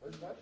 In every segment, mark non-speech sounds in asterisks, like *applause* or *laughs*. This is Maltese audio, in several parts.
12?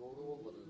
doğru olmadığını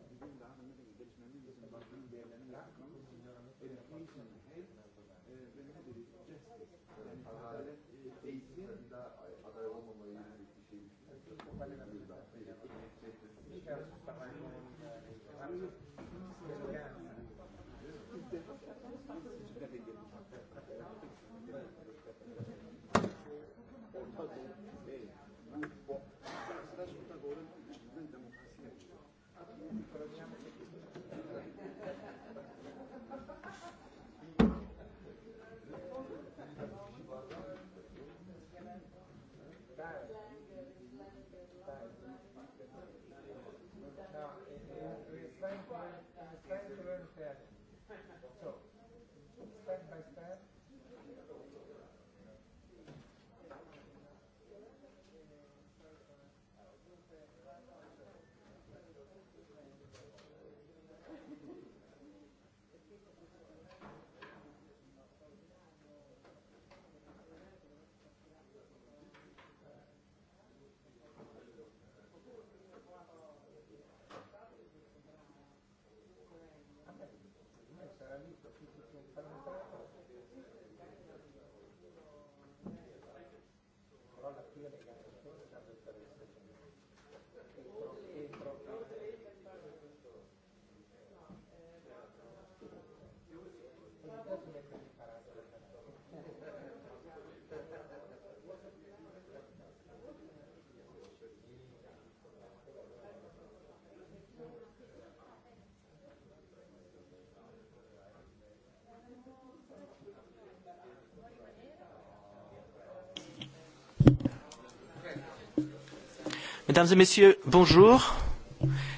Mesdames et Messieurs, bonjour.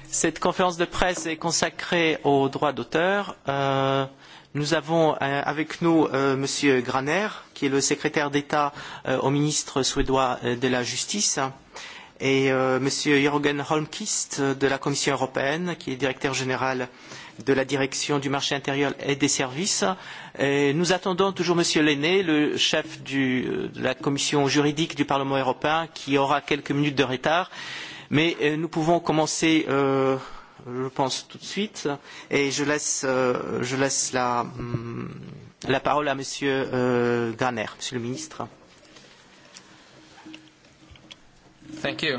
Cette conférence de presse est consacrée aux droits d'auteur. Euh, nous avons euh, avec nous euh, Monsieur Graner, qui est le secrétaire d'État euh, au ministre suédois euh, de la Justice, et euh, Monsieur Jürgen Holmquist euh, de la Commission européenne, qui est directeur général euh, de la direction du marché intérieur et des services. Et nous attendons toujours Monsieur Lenné, le chef du, de la commission juridique du Parlement européen, qui aura quelques minutes de retard. Mais euh, nous pouvons commencer, euh, je pense, tout de suite. Et je laisse, euh, je laisse la, mm, la parole à Monsieur euh, Garner, Monsieur le ministre. Thank you.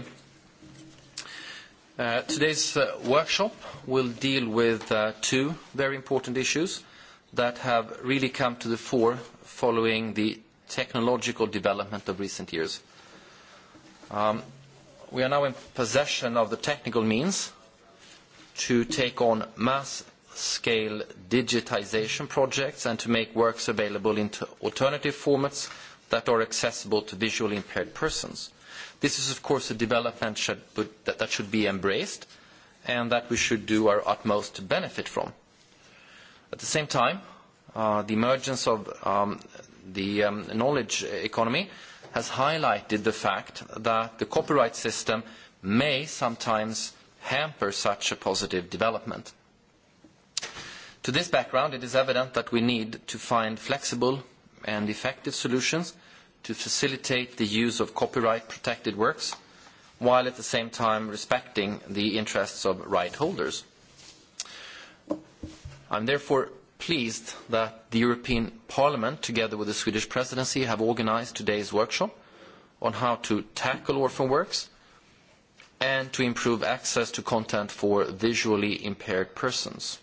Uh, today's uh, workshop will deal with uh, two very important issues that have really come to the fore following the technological development of recent years. Um, we are now in possession of the technical means to take on mass scale digitization projects and to make works available in alternative formats that are accessible to visually impaired persons. This is, of course, a development should, that, that should be embraced and that we should do our utmost to benefit from. At the same time, uh, the emergence of um, the um, knowledge economy has highlighted the fact that the copyright system may sometimes hamper such a positive development. To this background, it is evident that we need to find flexible and effective solutions to facilitate the use of copyright-protected works, while at the same time respecting the interests of right holders. I am therefore pleased that the European Parliament, together with the Swedish presidency, have organised today's workshop on how to tackle orphan works and to improve access to content for visually impaired persons.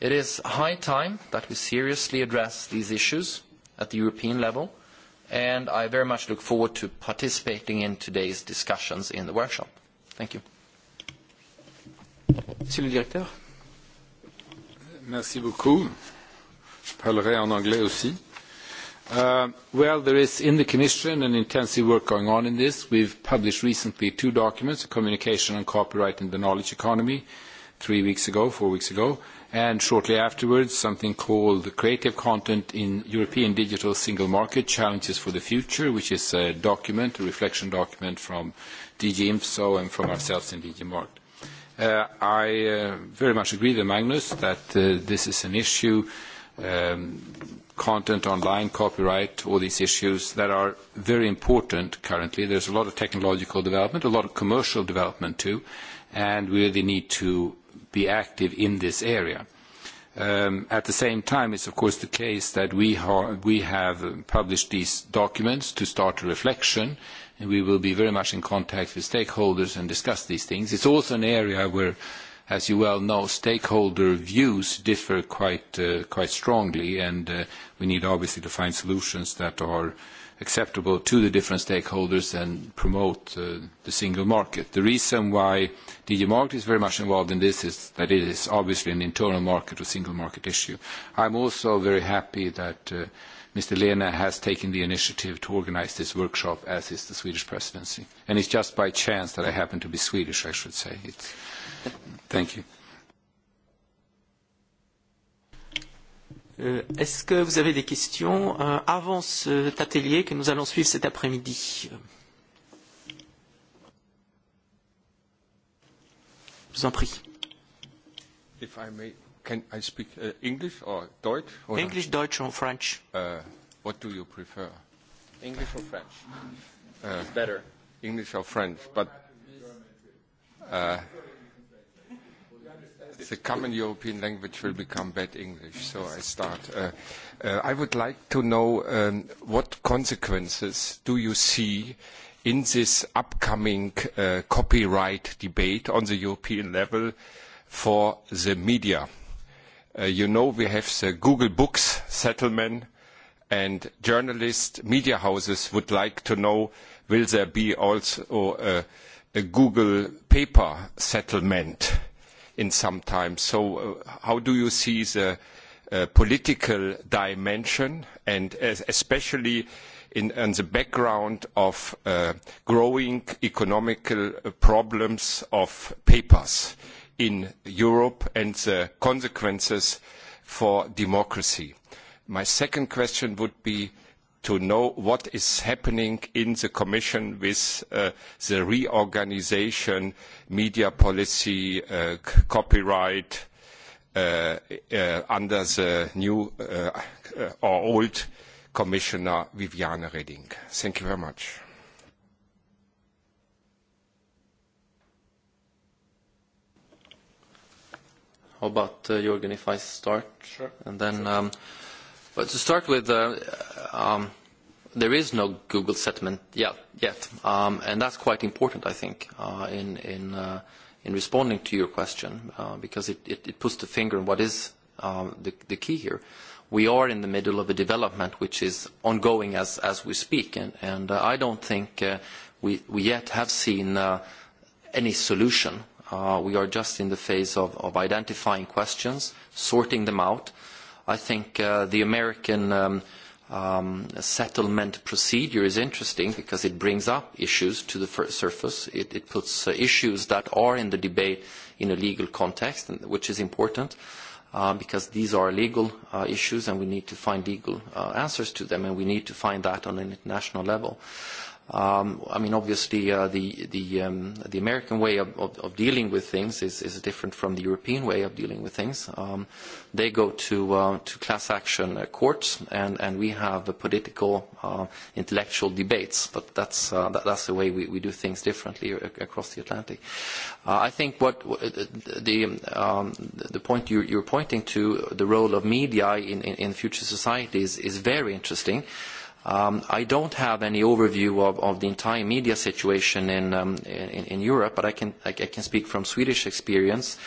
It is high time that we seriously address these issues at the European level, and I very much look forward to participating in today's discussions in the workshop. Thank you. Monsieur le directeur. Merci beaucoup. Je parlerai en anglais aussi. Uh, well, there is in the Commission an intensive work going on in this. We've published recently two documents, a communication on copyright and the knowledge economy, three weeks ago, four weeks ago, and shortly afterwards something called Creative Content in European Digital Single Market Challenges for the Future, which is a document, a reflection document from DG IMSO and from ourselves in DG Markt. Uh, I uh, very much agree with Magnus that uh, this is an issue, um, content online, copyright, all these issues that are very important currently. There's a lot of technological development, a lot of commercial development too, and we really need to be active in this area. Um, at the same time, it's of course the case that we, ha we have uh, published these documents to start a reflection, and we will be very much in contact with stakeholders and discuss these things. It's also an area where, as you well know, stakeholder views differ quite, uh, quite strongly, and uh, we need obviously to find solutions that are acceptable to the different stakeholders and promote uh, the single market. The reason why DG Market is very much involved in this is that it is obviously an internal market or single market issue. I am also very happy that uh, Mr. Lehne has taken the initiative to organise this workshop, as is the Swedish presidency. And it is just by chance that I happen to be Swedish, I should say. It's... Thank you. Euh, Est-ce que vous avez des questions euh, avant cet atelier que nous allons suivre cet après-midi Je vous en prie. If I may, can I speak uh, English or Deutsch? Or English, not? Deutsch or French? Uh, what do you prefer? English or French? Uh, It's better. English or French, but... Uh, the common European language will become bad English. So I start. Uh, uh, I would like to know um, what consequences do you see in this upcoming uh, copyright debate on the European level for the media? Uh, you know we have the Google Books settlement and journalists, media houses would like to know will there be also a, a Google paper settlement? in some time. So uh, how do you see the uh, political dimension and especially in, on the background of uh, growing economical uh, problems of papers in Europe and the consequences for democracy? My second question would be to know what is happening in the Commission with uh, the reorganisation, media policy, uh, copyright, uh, uh, under the new uh, uh, or old Commissioner Viviane Reding. Thank you very much. How about uh, Jürgen, if I start? Sure. And then, um, but to start with, uh, um, there is no Google settlement yet, yet um, and that's quite important, I think, uh, in, in, uh, in responding to your question, uh, because it, it, it puts the finger on what is um, the, the key here. We are in the middle of a development which is ongoing as, as we speak, and, and uh, I don't think uh, we, we yet have seen uh, any solution. Uh, we are just in the phase of, of identifying questions, sorting them out. I think uh, the American um, um, settlement procedure is interesting because it brings up issues to the surface. It, it puts uh, issues that are in the debate in a legal context, and, which is important uh, because these are legal uh, issues and we need to find legal uh, answers to them and we need to find that on an international level. Um, I mean, obviously, uh, the, the, um, the American way of, of, of dealing with things is, is different from the European way of dealing with things. Um, they go to, uh, to class action uh, courts, and, and we have uh, political, uh, intellectual debates, but that's, uh, that, that's the way we, we do things differently across the Atlantic. Uh, I think what uh, the, um, the point you, you're pointing to, the role of media in, in, in future societies, is very interesting. Um, I don't have any overview of, of the entire media situation in, um, in, in Europe, but I can, I, I can speak from Swedish experience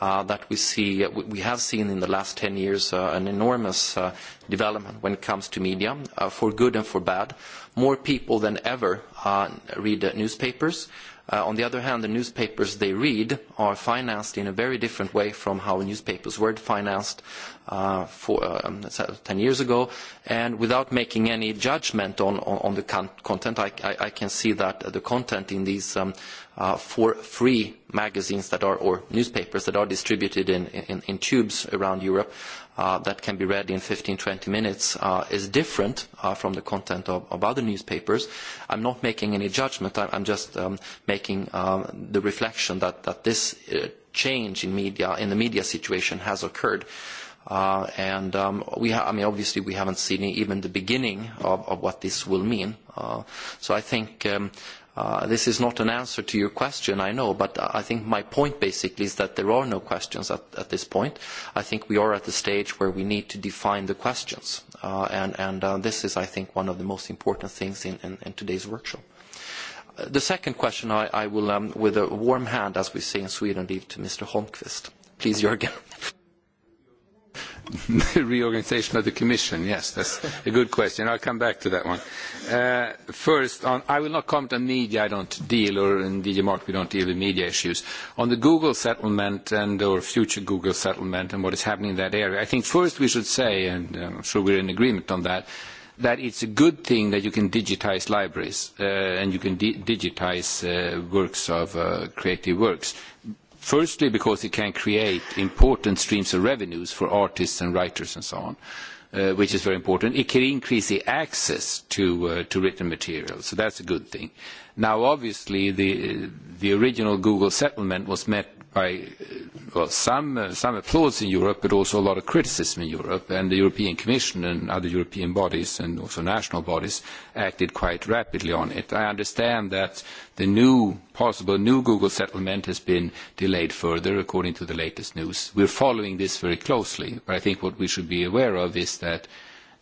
uh, that we, see, we have seen in the last 10 years uh, an enormous uh, development when it comes to media, uh, for good and for bad. More people than ever uh, read uh, newspapers. Uh, on the other hand, the newspapers they read are financed in a very different way from how newspapers were financed uh, for, uh, um, 10 years ago. And without making any judgment on, on, on the con content, I, I, I can see that the content in these um, uh, for free magazines that are, or newspapers that are distributed in, in, in tubes around Europe uh, that can be read in 15, 20 minutes uh, is different uh, from the content of, of other newspapers. I'm not making any judgment, I'm just um, making uh the reflection that, that this uh, change in media, in the media situation has occurred. Uh, and um, we ha I mean, obviously we haven't seen even the beginning of, of what this will mean. Uh, so I think um, Uh, this is not an answer to your question, I know, but I think my point basically is that there are no questions at, at this point. I think we are at the stage where we need to define the questions, uh, and, and uh, this is, I think, one of the most important things in, in, in today's workshop. Uh, the second question I, I will, um, with a warm hand, as we say in Sweden, leave to Mr. Holmqvist. Please, Jürgen. *laughs* *laughs* reorganization of the Commission, yes, that's a good question. I'll come back to that one. Uh, first, on, I will not comment on media. I don't deal, or in DG Mark, we don't deal with media issues. On the Google settlement and or future Google settlement and what is happening in that area, I think first we should say, and uh, I'm sure we're in agreement on that, that it's a good thing that you can digitize libraries uh, and you can di digitize uh, works of uh, creative works Firstly, because it can create important streams of revenues for artists and writers and so on, uh, which is very important. It can increase the access to, uh, to written material, so that's a good thing. Now, obviously, the, the original Google settlement was met I, well, some, uh, some applause in Europe, but also a lot of criticism in Europe, and the European Commission and other European bodies and also national bodies acted quite rapidly on it. I understand that the new, possible new Google settlement has been delayed further, according to the latest news. We're following this very closely, but I think what we should be aware of is that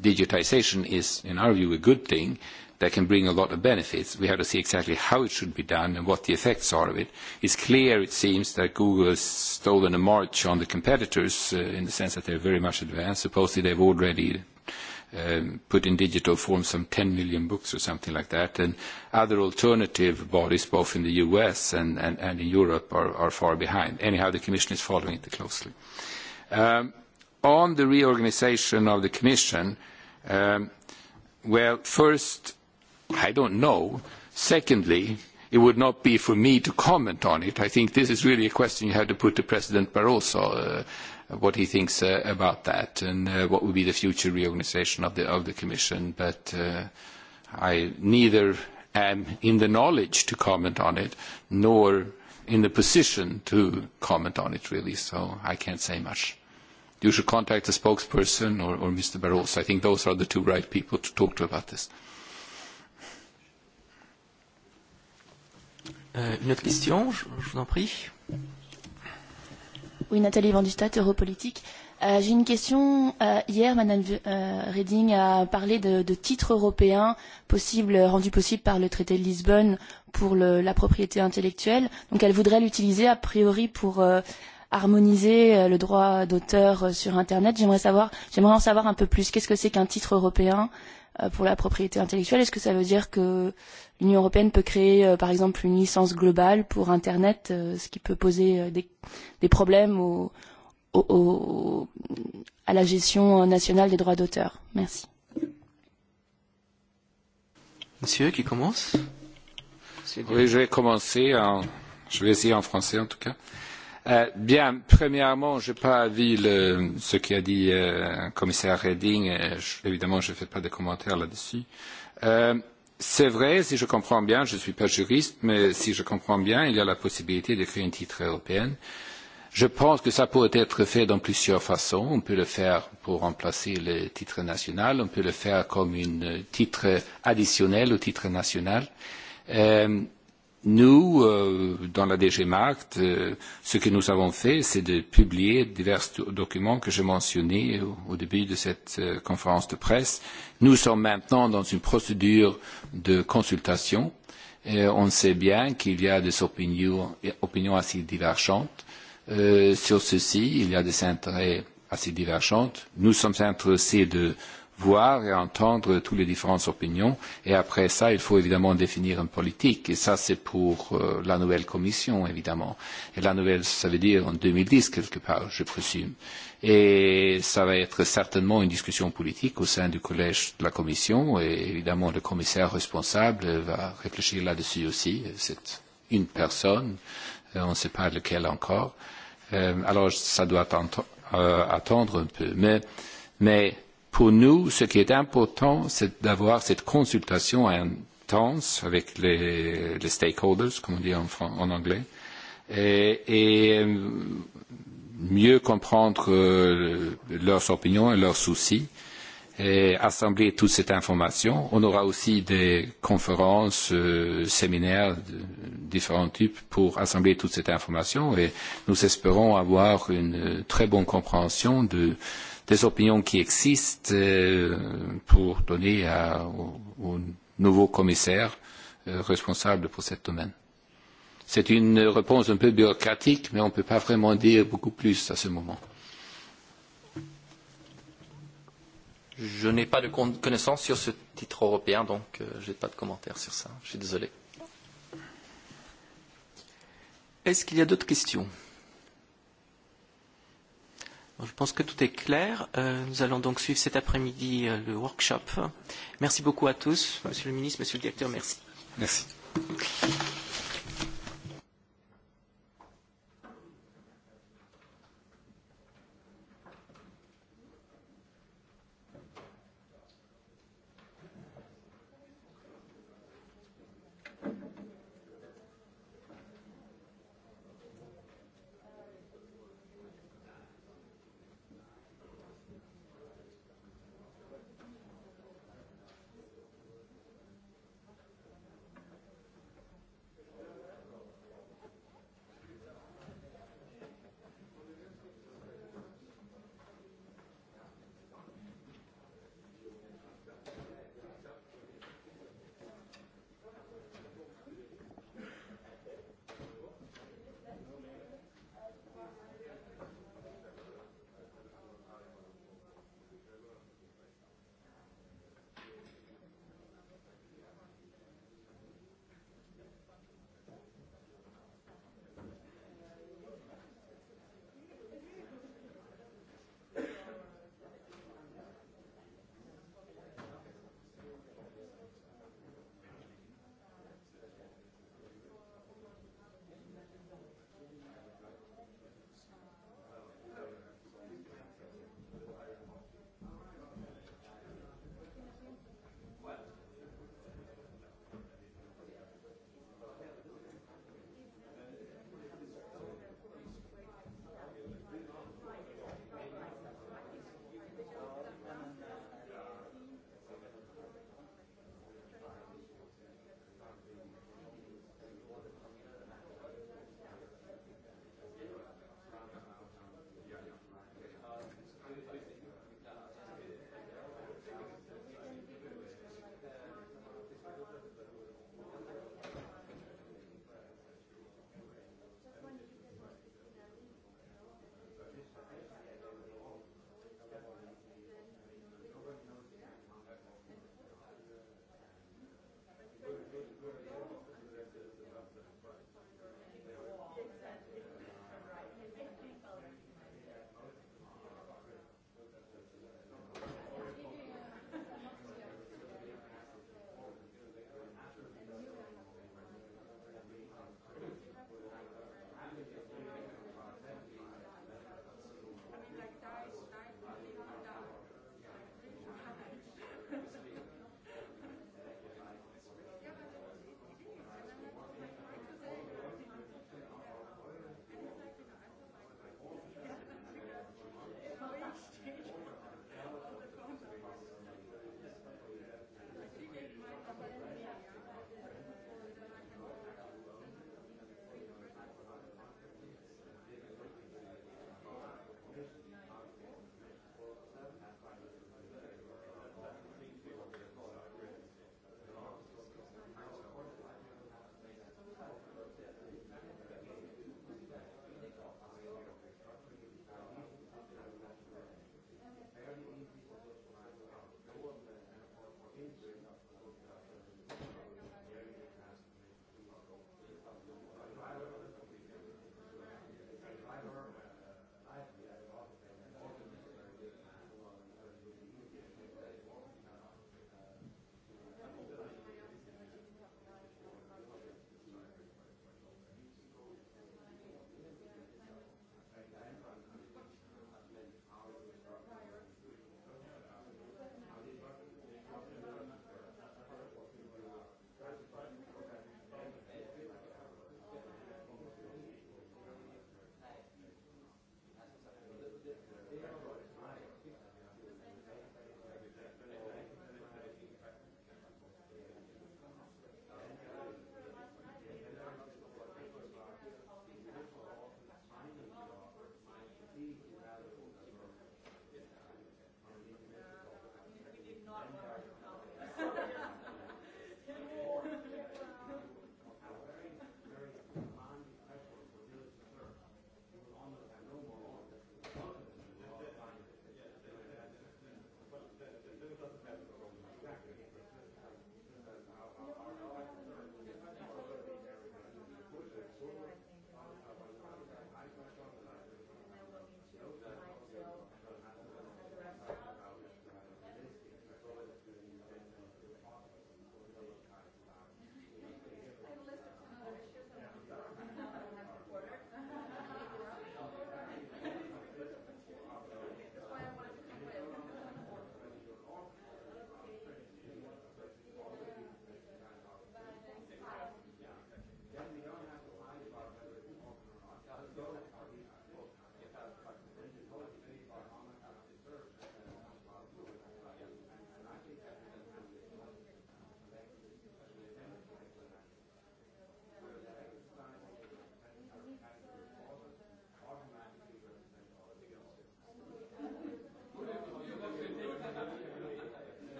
digitization is, in our view, a good thing, that can bring a lot of benefits. We have to see exactly how it should be done and what the effects are of it. It's clear, it seems, that Google has stolen a march on the competitors uh, in the sense that they're very much advanced. Supposedly they've already um, put in digital form some 10 million books or something like that. And other alternative bodies, both in the US and, and, and in Europe, are, are far behind. Anyhow, the Commission is following it closely. Um, on the reorganization of the Commission, um, well, first, I don't know. Secondly, it would not be for me to comment on it. I think this is really a question you have to put to President Barroso, uh, what he thinks uh, about that and uh, what would be the future reorganization of the, of the Commission. But uh, I neither am in the knowledge to comment on it nor in the position to comment on it, really, so I can't say much. You should contact the spokesperson or, or Mr. Barroso. I think those are the two right people to talk to about this. Euh, une autre question, je, je vous en prie. Oui, Nathalie Vandistat, Europolitique. Euh, J'ai une question. Euh, hier, Madame euh, Reding a parlé de, de titres européens possibles, euh, rendus possibles par le traité de Lisbonne pour le, la propriété intellectuelle. Donc, elle voudrait l'utiliser a priori pour euh, harmoniser euh, le droit d'auteur euh, sur Internet. J'aimerais savoir, j'aimerais en savoir un peu plus. Qu'est-ce que c'est qu'un titre européen euh, Euh, pour la propriété intellectuelle, est-ce que ça veut dire que l'Union européenne peut créer, euh, par exemple, une licence globale pour Internet, euh, ce qui peut poser des, des problèmes au, au, au, à la gestion nationale des droits d'auteur Merci. Monsieur qui commence Oui, je vais commencer. En, je vais essayer en français en tout cas. Euh, Euh, bien, premièrement, je n'ai pas avis le, ce qu'a dit euh, commissaire Reding. Et je, évidemment, je ne fais pas de commentaires là-dessus. Euh, c'est vrai, si je comprends bien, je ne suis pas juriste, mais si je comprends bien, il y a la possibilité de créer un titre européen. Je pense que ça peut être fait dans plusieurs façons. On peut le faire pour remplacer le titre national, on peut le faire comme un titre additionnel au titre national. Euh, Nous, euh, dans la DG Markt, euh, ce que nous avons fait, c'est de publier divers documents que j'ai mentionnés au, au début de cette euh, conférence de presse. Nous sommes maintenant dans une procédure de consultation. Et on sait bien qu'il y a des opinions, opinions assez divergentes. Euh, sur ceci, il y a des intérêts assez divergentes. Nous sommes intéressés de voir et entendre toutes les différentes opinions. Et après ça, il faut évidemment définir une politique. Et ça, c'est pour euh, la nouvelle commission, évidemment. Et la nouvelle, ça veut dire en 2010, quelque part, je présume. Et ça va être certainement une discussion politique au sein du collège de la commission. Et évidemment, le commissaire responsable va réfléchir là-dessus aussi. C'est une personne. Euh, on ne sait pas lequel encore. Euh, alors, ça doit euh, attendre un peu. Mais, mais Pour nous, ce qui est important, c'est d'avoir cette consultation intense avec les, les stakeholders, comme on dit en, en anglais, et, et euh, mieux comprendre euh, leurs opinions et leurs soucis, et assembler toute cette information. On aura aussi des conférences, euh, séminaires de différents types pour assembler toute cette information et nous espérons avoir une euh, très bonne compréhension de euh, des opinions qui existent euh, pour donner à, au, nouveau commissaire euh, responsable pour ce domaine. C'est une réponse un peu bureaucratique, mais on ne peut pas vraiment dire beaucoup plus à ce moment. Je n'ai pas de connaissance sur ce titre européen, donc euh, je n'ai pas de commentaire sur ça. Je suis désolé. Est-ce qu'il y a d'autres questions je pense que tout est clair. Euh, nous allons donc suivre cet après-midi euh, le workshop. Merci beaucoup à tous. Monsieur le ministre, monsieur le directeur, merci. Merci.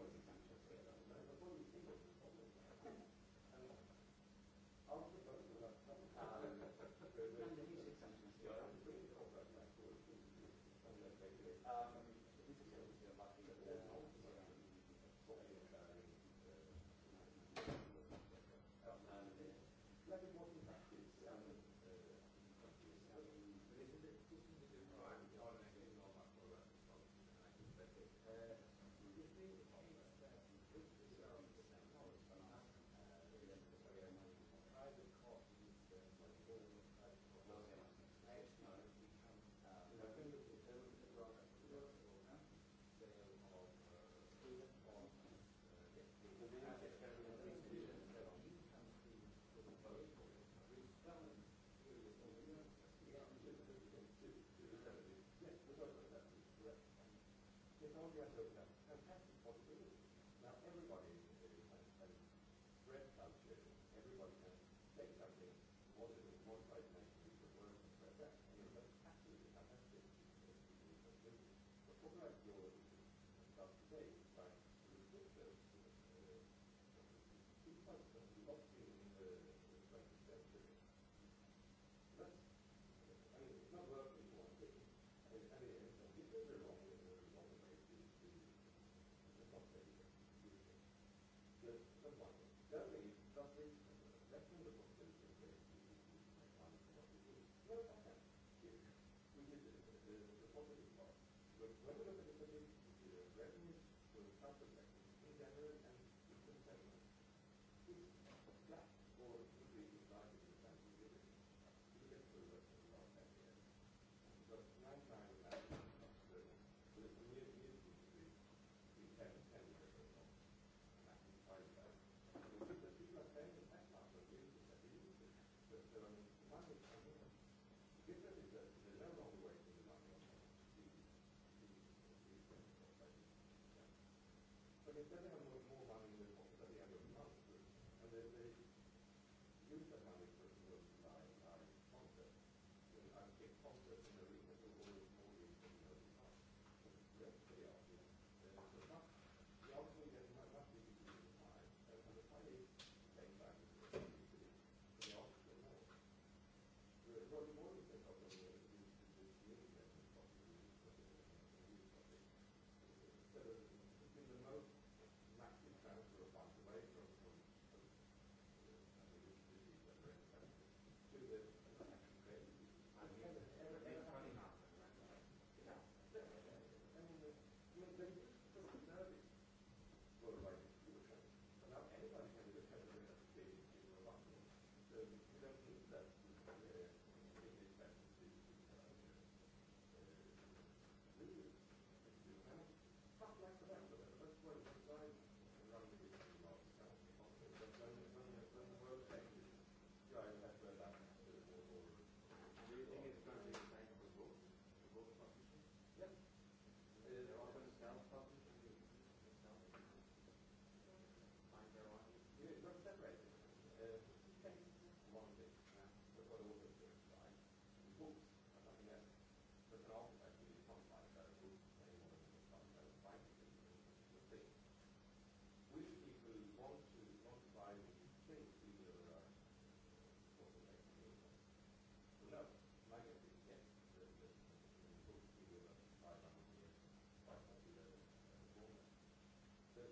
importanti. Now, everybody Thank you. Thank you.